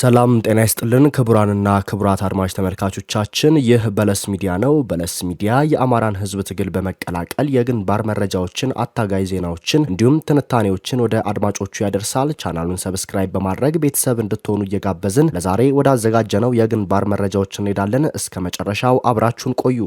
ሰላም ጤና ይስጥልን ክቡራንና ክቡራት አድማጭ ተመልካቾቻችን፣ ይህ በለስ ሚዲያ ነው። በለስ ሚዲያ የአማራን ሕዝብ ትግል በመቀላቀል የግንባር መረጃዎችን፣ አታጋይ ዜናዎችን እንዲሁም ትንታኔዎችን ወደ አድማጮቹ ያደርሳል። ቻናሉን ሰብስክራይብ በማድረግ ቤተሰብ እንድትሆኑ እየጋበዝን ለዛሬ ወዳዘጋጀነው የግንባር መረጃዎች እንሄዳለን። እስከ መጨረሻው አብራችሁን ቆዩ።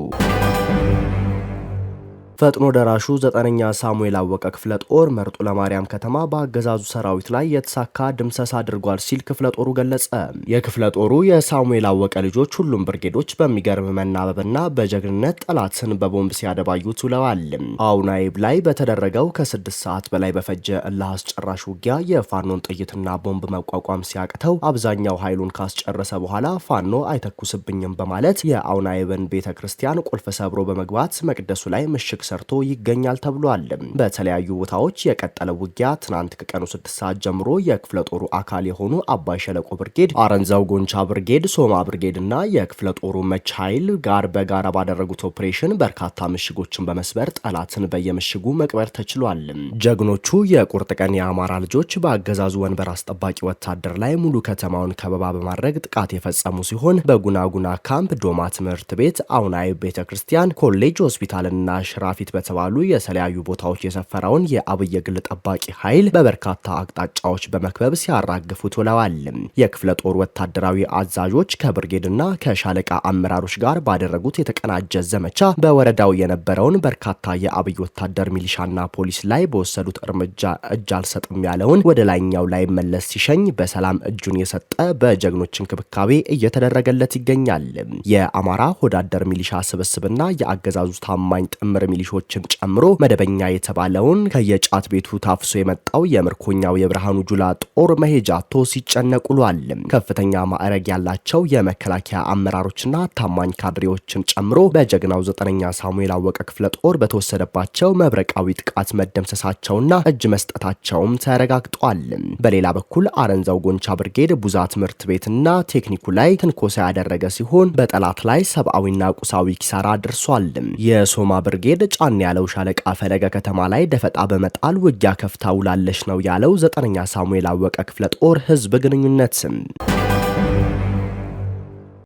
ፈጥኖ ደራሹ ዘጠነኛ ሳሙኤል አወቀ ክፍለ ጦር መርጡ ለማርያም ከተማ በአገዛዙ ሰራዊት ላይ የተሳካ ድምሰሳ አድርጓል ሲል ክፍለ ጦሩ ገለጸ። የክፍለ ጦሩ የሳሙኤል አወቀ ልጆች ሁሉም ብርጌዶች በሚገርም መናበብና በጀግንነት ጠላትን በቦምብ ሲያደባዩ ውለዋል። አውናይብ ላይ በተደረገው ከስድስት ሰዓት በላይ በፈጀ እልህ አስጨራሽ ውጊያ የፋኖን ጥይትና ቦምብ መቋቋም ሲያቅተው አብዛኛው ኃይሉን ካስጨረሰ በኋላ ፋኖ አይተኩስብኝም በማለት የአውናይብን ቤተ ክርስቲያን ቁልፍ ሰብሮ በመግባት መቅደሱ ላይ ምሽግ ሰርቶ ይገኛል ተብሏል። በተለያዩ ቦታዎች የቀጠለ ውጊያ ትናንት ከቀኑ ስድስት ሰዓት ጀምሮ የክፍለ ጦሩ አካል የሆኑ አባይ ሸለቆ ብርጌድ፣ አረንዛው ጎንቻ ብርጌድ፣ ሶማ ብርጌድ እና የክፍለ ጦሩ መች ኃይል ጋር በጋራ ባደረጉት ኦፕሬሽን በርካታ ምሽጎችን በመስበር ጠላትን በየምሽጉ መቅበር ተችሏል። ጀግኖቹ የቁርጥ ቀን የአማራ ልጆች በአገዛዙ ወንበር አስጠባቂ ወታደር ላይ ሙሉ ከተማውን ከበባ በማድረግ ጥቃት የፈጸሙ ሲሆን በጉናጉና ካምፕ፣ ዶማ ትምህርት ቤት፣ አውናይ ቤተ ክርስቲያን፣ ኮሌጅ፣ ሆስፒታልና ሽራፊ ፊት በተባሉ የተለያዩ ቦታዎች የሰፈረውን የአብይ ግል ጠባቂ ኃይል በበርካታ አቅጣጫዎች በመክበብ ሲያራግፉት ውለዋል። የክፍለ ጦር ወታደራዊ አዛዦች ከብርጌድና ከሻለቃ አመራሮች ጋር ባደረጉት የተቀናጀ ዘመቻ በወረዳው የነበረውን በርካታ የአብይ ወታደር ሚሊሻና ፖሊስ ላይ በወሰዱት እርምጃ እጅ አልሰጥም ያለውን ወደ ላይኛው ላይ መለስ ሲሸኝ በሰላም እጁን የሰጠ በጀግኖች እንክብካቤ እየተደረገለት ይገኛል። የአማራ ሆዳደር ሚሊሻ ስብስብና የአገዛዙ ታማኝ ጥምር ሚሊሻ ሚሊሾችን ጨምሮ መደበኛ የተባለውን ከየጫት ቤቱ ታፍሶ የመጣው የምርኮኛው የብርሃኑ ጁላ ጦር መሄጃ አጥቶ ሲጨነቅ ውሏል። ከፍተኛ ማዕረግ ያላቸው የመከላከያ አመራሮችና ታማኝ ካድሬዎችን ጨምሮ በጀግናው ዘጠነኛ ሳሙኤል አወቀ ክፍለ ጦር በተወሰደባቸው መብረቃዊ ጥቃት መደምሰሳቸውና እጅ መስጠታቸውም ተረጋግጧል። በሌላ በኩል አረንዛው ጎንቻ ብርጌድ ቡዛ ትምህርት ቤትና ቴክኒኩ ላይ ትንኮሳ ያደረገ ሲሆን በጠላት ላይ ሰብአዊና ቁሳዊ ኪሳራ ደርሷል። የሶማ ብርጌድ ጫን ያለው ሻለቃ ፈለገ ከተማ ላይ ደፈጣ በመጣል ውጊያ ከፍታ ውላለች ነው ያለው ዘጠነኛ ሳሙኤል አወቀ ክፍለ ጦር ህዝብ ግንኙነት ስም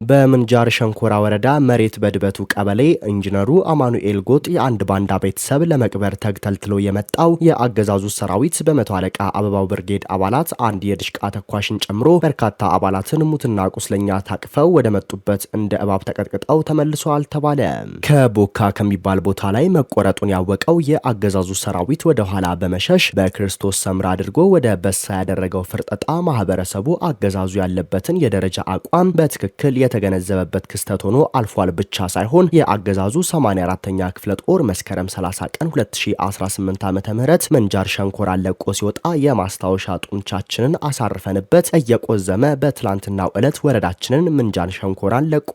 በምንጃር ሸንኮራ ወረዳ መሬት በድበቱ ቀበሌ ኢንጂነሩ አማኑኤል ጎጥ የአንድ ባንዳ ቤተሰብ ለመቅበር ተግተልትሎ የመጣው የአገዛዙ ሰራዊት በመቶ አለቃ አበባው ብርጌድ አባላት አንድ የድሽቃ ተኳሽን ጨምሮ በርካታ አባላትን ሙትና ቁስለኛ ታቅፈው ወደ መጡበት እንደ እባብ ተቀጥቅጠው ተመልሰዋል ተባለ። ከቦካ ከሚባል ቦታ ላይ መቆረጡን ያወቀው የአገዛዙ ሰራዊት ወደ ኋላ በመሸሽ በክርስቶስ ሰምራ አድርጎ ወደ በሳ ያደረገው ፍርጠጣ ማህበረሰቡ አገዛዙ ያለበትን የደረጃ አቋም በትክክል የተገነዘበበት ክስተት ሆኖ አልፏል ብቻ ሳይሆን የአገዛዙ 84ኛ ክፍለ ጦር መስከረም 30 ቀን 2018 ዓ ምህረት ምንጃር ሸንኮር ለቆ ሲወጣ የማስታወሻ ጡንቻችንን አሳርፈንበት እየቆዘመ በትላንትናው ዕለት ወረዳችንን ምንጃር ሸንኮራን ለቆ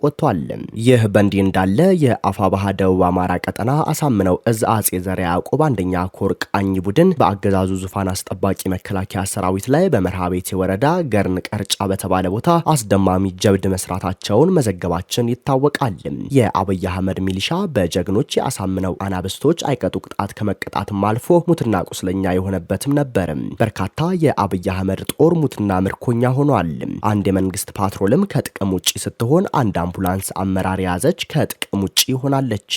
ይህ በእንዲህ እንዳለ የአፋባሃ ደቡብ አማራ ቀጠና አሳምነው እዝ አጼ ዘርዓ ያዕቆብ አንደኛ ኮር ቃኝ ቡድን በአገዛዙ ዙፋን አስጠባቂ መከላከያ ሰራዊት ላይ በመርሃ ቤቴ ወረዳ ገርን ቀርጫ በተባለ ቦታ አስደማሚ ጀብድ መስራታቸው መሆናቸውን መዘገባችን ይታወቃል። የአብይ አህመድ ሚሊሻ በጀግኖች የአሳምነው አናብስቶች አይቀጡ ቅጣት ከመቀጣትም አልፎ ሙትና ቁስለኛ የሆነበትም ነበር። በርካታ የአብይ አህመድ ጦር ሙትና ምርኮኛ ሆኗል። አንድ የመንግስት ፓትሮልም ከጥቅም ውጭ ስትሆን አንድ አምቡላንስ አመራር የያዘች ከጥቅም ውጪ ሆናለች።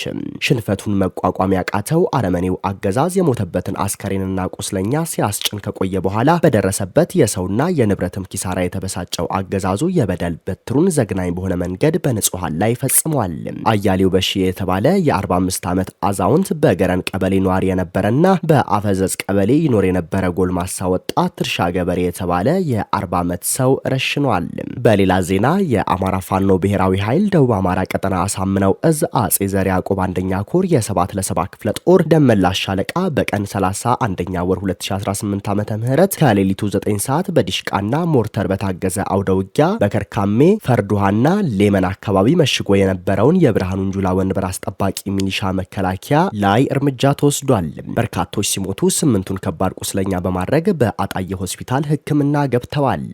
ሽንፈቱን መቋቋም ያቃተው አረመኔው አገዛዝ የሞተበትን አስከሬንና ቁስለኛ ሲያስጭን ከቆየ በኋላ በደረሰበት የሰውና የንብረትም ኪሳራ የተበሳጨው አገዛዙ የበደል በትሩን ዘግናኝ አስተማማኝ በሆነ መንገድ በንጹሐን ላይ ፈጽሟል። አያሌው በሺ የተባለ የ45 ዓመት አዛውንት በገረን ቀበሌ ኗሪ የነበረና በአፈዘዝ ቀበሌ ይኖር የነበረ ጎልማሳ ወጣት ትርሻ ገበሬ የተባለ የ40 ዓመት ሰው ረሽኗል። በሌላ ዜና የአማራ ፋኖ ብሔራዊ ኃይል ደቡብ አማራ ቀጠና አሳምነው እዝ አጼ ዘር ያዕቆብ አንደኛ ኮር የ7 ለ7 ክፍለ ጦር ደመላሽ ሻለቃ በቀን 30 አንደኛ ወር 2018 ዓመተ ምህረት ከሌሊቱ 9 ሰዓት በዲሽቃና ሞርተር በታገዘ አውደ ውጊያ በከርካሜ ፈርዱሃና እና ሌመን አካባቢ መሽጎ የነበረውን የብርሃኑን ጁላ ወንበር አስጠባቂ ሚሊሻ መከላከያ ላይ እርምጃ ተወስዷል። በርካቶች ሲሞቱ ስምንቱን ከባድ ቁስለኛ በማድረግ በአጣየ ሆስፒታል ሕክምና ገብተዋል።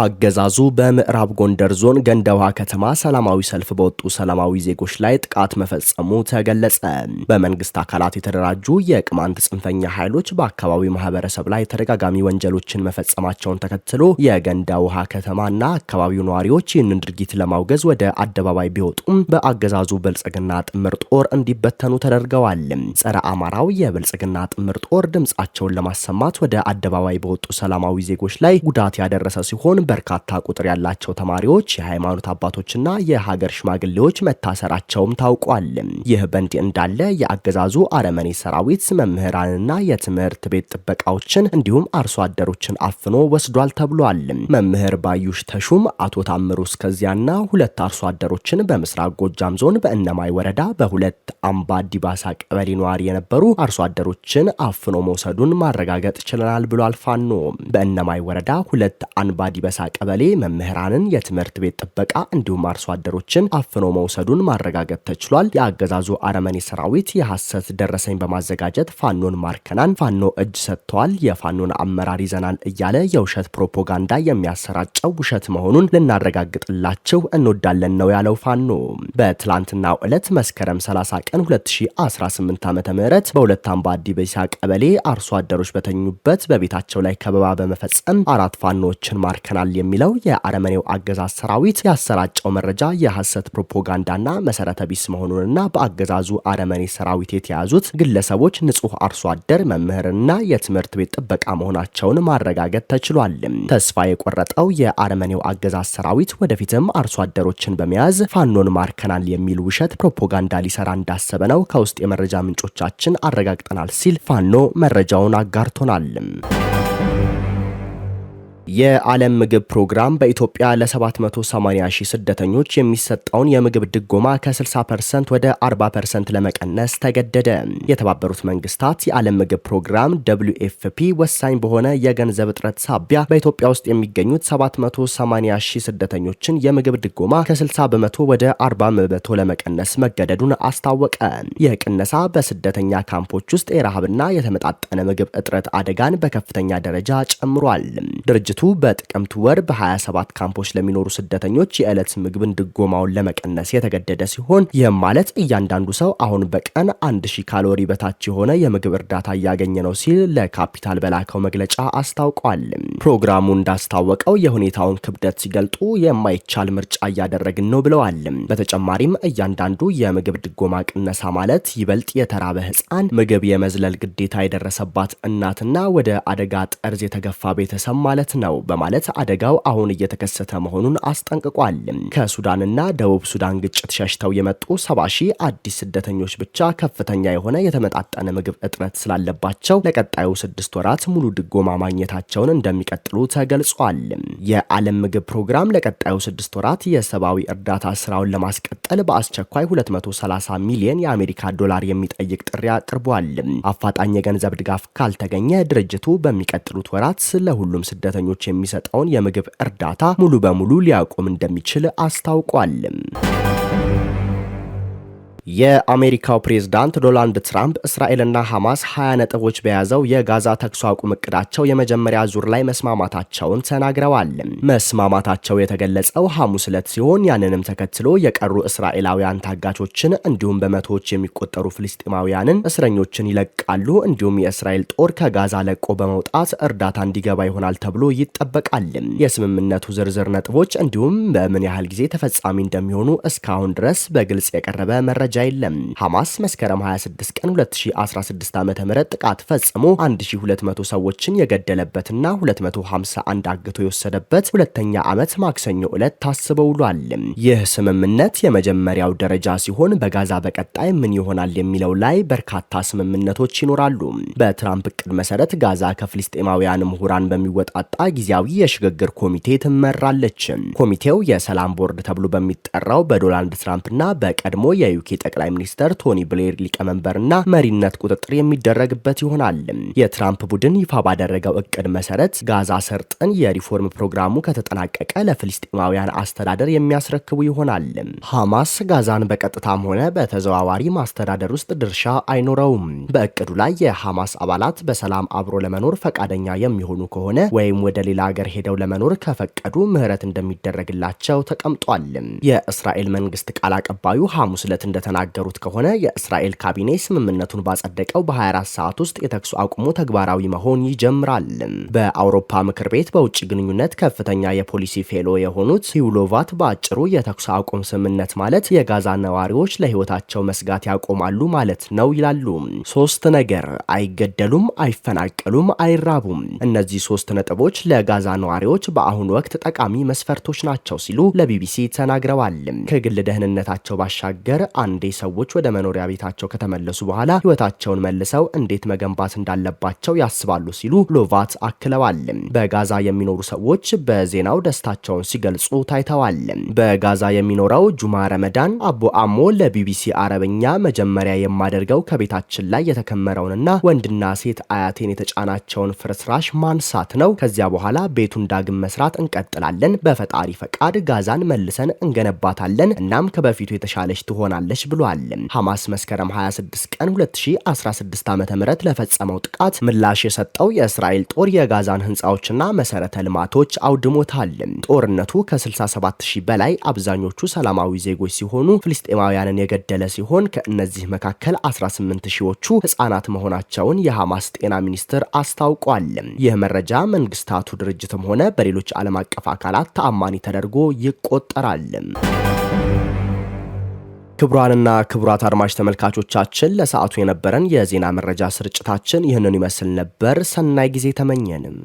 አገዛዙ በምዕራብ ጎንደር ዞን ውሃ ከተማ ሰላማዊ ሰልፍ በወጡ ሰላማዊ ዜጎች ላይ ጥቃት መፈጸሙ ተገለጸ። በመንግስት አካላት የተደራጁ የቅማንት ጽንፈኛ ኃይሎች በአካባቢው ማህበረሰብ ላይ ተደጋጋሚ ወንጀሎችን መፈጸማቸውን ተከትሎ ውሃ ከተማና አካባቢው ነዋሪዎች ይህንን ድርጊት ለማውገዝ ወደ አደባባይ ቢወጡም በአገዛዙ ብልጽግና ጥምር ጦር እንዲበተኑ ተደርገዋል። ጸረ አማራው የብልጽግና ጥምር ጦር ድምፃቸውን ለማሰማት ወደ አደባባይ በወጡ ሰላማዊ ዜጎች ላይ ጉዳት ያደረሰ ሲሆን በርካታ ቁጥር ያላቸው ተማሪዎች፣ የሃይማኖት አባቶችና የሀገር ሽማግሌዎች መታሰራቸውም ታውቋል። ይህ በእንዲህ እንዳለ የአገዛዙ አረመኔ ሰራዊት መምህራንና የትምህርት ቤት ጥበቃዎችን እንዲሁም አርሶ አደሮችን አፍኖ ወስዷል ተብሏል። መምህር ባዩሽ ተሹም፣ አቶ ታምሩ እስከዚያና ሁለት አርሶ አደሮችን በምስራቅ ጎጃም ዞን በእነማይ ወረዳ በሁለት አምባ ዲባሳ ቀበሌ ነዋሪ የነበሩ አርሶ አደሮችን አፍኖ መውሰዱን ማረጋገጥ ችለናል ብሏል። ፋኖ በእነማይ ወረዳ ሁለት አንባ በለሳ ቀበሌ መምህራንን፣ የትምህርት ቤት ጥበቃ እንዲሁም አርሶ አደሮችን አፍኖ መውሰዱን ማረጋገጥ ተችሏል። የአገዛዙ አረመኔ ሰራዊት የሐሰት ደረሰኝ በማዘጋጀት ፋኖን ማርከናን ፋኖ እጅ ሰጥተዋል፣ የፋኖን አመራር ይዘናል እያለ የውሸት ፕሮፓጋንዳ የሚያሰራጨው ውሸት መሆኑን ልናረጋግጥላችሁ እንወዳለን ነው ያለው ፋኖ። በትላንትናው ዕለት መስከረም 30 ቀን 2018 ዓ ም በሁለት አምባ ዲበሳ ቀበሌ አርሶ አደሮች በተኙበት በቤታቸው ላይ ከበባ በመፈጸም አራት ፋኖዎችን ማርከናል ይሆናል የሚለው የአረመኔው አገዛዝ ሰራዊት ያሰራጨው መረጃ የሐሰት ፕሮፓጋንዳና መሰረተ ቢስ መሆኑንና በአገዛዙ አረመኔ ሰራዊት የተያዙት ግለሰቦች ንጹህ አርሶ አደር፣ መምህርና የትምህርት ቤት ጥበቃ መሆናቸውን ማረጋገጥ ተችሏል። ተስፋ የቆረጠው የአረመኔው አገዛዝ ሰራዊት ወደፊትም አርሶ አደሮችን በመያዝ ፋኖን ማርከናል የሚል ውሸት ፕሮፓጋንዳ ሊሰራ እንዳሰበ ነው ከውስጥ የመረጃ ምንጮቻችን አረጋግጠናል ሲል ፋኖ መረጃውን አጋርቶናል። የዓለም ምግብ ፕሮግራም በኢትዮጵያ ለ780 ሺህ ስደተኞች የሚሰጠውን የምግብ ድጎማ ከ60 ፐርሰንት ወደ 40 ፐርሰንት ለመቀነስ ተገደደ። የተባበሩት መንግስታት የዓለም ምግብ ፕሮግራም ደብሊው ኤፍፒ ወሳኝ በሆነ የገንዘብ እጥረት ሳቢያ በኢትዮጵያ ውስጥ የሚገኙት 780 ሺህ ስደተኞችን የምግብ ድጎማ ከ60 በመቶ ወደ 40 በመቶ ለመቀነስ መገደዱን አስታወቀ። ይህ ቅነሳ በስደተኛ ካምፖች ውስጥ የረሃብና የተመጣጠነ ምግብ እጥረት አደጋን በከፍተኛ ደረጃ ጨምሯል። ድርጅቱ ድርጅቱ በጥቅምት ወር በ27 ካምፖች ለሚኖሩ ስደተኞች የዕለት ምግብን ድጎማውን ለመቀነስ የተገደደ ሲሆን ይህም ማለት እያንዳንዱ ሰው አሁን በቀን 1000 ካሎሪ በታች የሆነ የምግብ እርዳታ እያገኘ ነው ሲል ለካፒታል በላከው መግለጫ አስታውቋል። ፕሮግራሙ እንዳስታወቀው የሁኔታውን ክብደት ሲገልጡ የማይቻል ምርጫ እያደረግን ነው ብለዋል። በተጨማሪም እያንዳንዱ የምግብ ድጎማ ቅነሳ ማለት ይበልጥ የተራበ ህፃን ምግብ የመዝለል ግዴታ የደረሰባት እናትና ወደ አደጋ ጠርዝ የተገፋ ቤተሰብ ማለት ነው። ነው በማለት አደጋው አሁን እየተከሰተ መሆኑን አስጠንቅቋል። ከሱዳንና ደቡብ ሱዳን ግጭት ሸሽተው የመጡ ሰባ ሺህ አዲስ ስደተኞች ብቻ ከፍተኛ የሆነ የተመጣጠነ ምግብ እጥረት ስላለባቸው ለቀጣዩ ስድስት ወራት ሙሉ ድጎማ ማግኘታቸውን እንደሚቀጥሉ ተገልጿል። የዓለም ምግብ ፕሮግራም ለቀጣዩ ስድስት ወራት የሰብአዊ እርዳታ ስራውን ለማስቀጠል በአስቸኳይ 230 ሚሊዮን የአሜሪካ ዶላር የሚጠይቅ ጥሪ አቅርቧል። አፋጣኝ የገንዘብ ድጋፍ ካልተገኘ ድርጅቱ በሚቀጥሉት ወራት ለሁሉም ስደተኞች ለሆቴሎች የሚሰጠውን የምግብ እርዳታ ሙሉ በሙሉ ሊያቆም እንደሚችል አስታውቋል። የአሜሪካው ፕሬዝዳንት ዶናልድ ትራምፕ እስራኤልና ሐማስ ሀያ ነጥቦች በያዘው የጋዛ ተኩስ አቁም እቅዳቸው የመጀመሪያ ዙር ላይ መስማማታቸውን ተናግረዋል። መስማማታቸው የተገለጸው ሐሙስ ዕለት ሲሆን ያንንም ተከትሎ የቀሩ እስራኤላውያን ታጋቾችን እንዲሁም በመቶዎች የሚቆጠሩ ፍልስጤማውያንን እስረኞችን ይለቃሉ። እንዲሁም የእስራኤል ጦር ከጋዛ ለቆ በመውጣት እርዳታ እንዲገባ ይሆናል ተብሎ ይጠበቃል። የስምምነቱ ዝርዝር ነጥቦች እንዲሁም በምን ያህል ጊዜ ተፈጻሚ እንደሚሆኑ እስካሁን ድረስ በግልጽ የቀረበ መረጃ መረጃ የለም። ሐማስ መስከረም 26 ቀን 2016 ዓ.ም ጥቃት ፈጽሞ 1200 ሰዎችን የገደለበትና 251 አግቶ የወሰደበት ሁለተኛ ዓመት ማክሰኞ ዕለት ታስበው ውሏል። ይህ ስምምነት የመጀመሪያው ደረጃ ሲሆን በጋዛ በቀጣይ ምን ይሆናል የሚለው ላይ በርካታ ስምምነቶች ይኖራሉ። በትራምፕ እቅድ መሰረት ጋዛ ከፍልስጤማውያን ምሁራን በሚወጣጣ ጊዜያዊ የሽግግር ኮሚቴ ትመራለች። ኮሚቴው የሰላም ቦርድ ተብሎ በሚጠራው በዶናልድ ትራምፕና በቀድሞ የዩኬ ጠቅላይ ሚኒስተር ቶኒ ብሌር ሊቀመንበርና መሪነት ቁጥጥር የሚደረግበት ይሆናል። የትራምፕ ቡድን ይፋ ባደረገው እቅድ መሰረት ጋዛ ሰርጥን የሪፎርም ፕሮግራሙ ከተጠናቀቀ ለፍልስጤማውያን አስተዳደር የሚያስረክቡ ይሆናል። ሐማስ ጋዛን በቀጥታም ሆነ በተዘዋዋሪ ማስተዳደር ውስጥ ድርሻ አይኖረውም። በእቅዱ ላይ የሐማስ አባላት በሰላም አብሮ ለመኖር ፈቃደኛ የሚሆኑ ከሆነ ወይም ወደ ሌላ ሀገር ሄደው ለመኖር ከፈቀዱ ምህረት እንደሚደረግላቸው ተቀምጧል። የእስራኤል መንግስት ቃል አቀባዩ ሐሙስ ዕለት እንደተና እንደተናገሩት ከሆነ የእስራኤል ካቢኔ ስምምነቱን ባጸደቀው በ24 ሰዓት ውስጥ የተኩስ አቁሙ ተግባራዊ መሆን ይጀምራል። በአውሮፓ ምክር ቤት በውጭ ግንኙነት ከፍተኛ የፖሊሲ ፌሎ የሆኑት ሂውሎቫት በአጭሩ የተኩስ አቁም ስምምነት ማለት የጋዛ ነዋሪዎች ለህይወታቸው መስጋት ያቆማሉ ማለት ነው ይላሉ። ሶስት ነገር አይገደሉም፣ አይፈናቀሉም፣ አይራቡም። እነዚህ ሶስት ነጥቦች ለጋዛ ነዋሪዎች በአሁኑ ወቅት ጠቃሚ መስፈርቶች ናቸው ሲሉ ለቢቢሲ ተናግረዋል። ከግል ደህንነታቸው ባሻገር አንድ እንግዲህ ሰዎች ወደ መኖሪያ ቤታቸው ከተመለሱ በኋላ ህይወታቸውን መልሰው እንዴት መገንባት እንዳለባቸው ያስባሉ ሲሉ ሎቫት አክለዋል። በጋዛ የሚኖሩ ሰዎች በዜናው ደስታቸውን ሲገልጹ ታይተዋል። በጋዛ የሚኖረው ጁማ ረመዳን አቦ አሞ ለቢቢሲ አረብኛ መጀመሪያ የማደርገው ከቤታችን ላይ የተከመረውንና ወንድና ሴት አያቴን የተጫናቸውን ፍርስራሽ ማንሳት ነው። ከዚያ በኋላ ቤቱን ዳግም መስራት እንቀጥላለን። በፈጣሪ ፈቃድ ጋዛን መልሰን እንገነባታለን። እናም ከበፊቱ የተሻለች ትሆናለች ብሏል። ሐማስ መስከረም 26 ቀን 2016 ዓ ም ለፈጸመው ጥቃት ምላሽ የሰጠው የእስራኤል ጦር የጋዛን ህንፃዎችና መሰረተ ልማቶች አውድሞታል። ጦርነቱ ከ67000 በላይ አብዛኞቹ ሰላማዊ ዜጎች ሲሆኑ ፍልስጤማውያንን የገደለ ሲሆን ከእነዚህ መካከል 18 ሺዎቹ ህጻናት መሆናቸውን የሐማስ ጤና ሚኒስትር አስታውቋል። ይህ መረጃ መንግስታቱ ድርጅትም ሆነ በሌሎች ዓለም አቀፍ አካላት ተአማኒ ተደርጎ ይቆጠራል። ክቡራንና ክቡራት አድማጭ ተመልካቾቻችን ለሰዓቱ የነበረን የዜና መረጃ ስርጭታችን ይህንን ይመስል ነበር። ሰናይ ጊዜ ተመኘንም።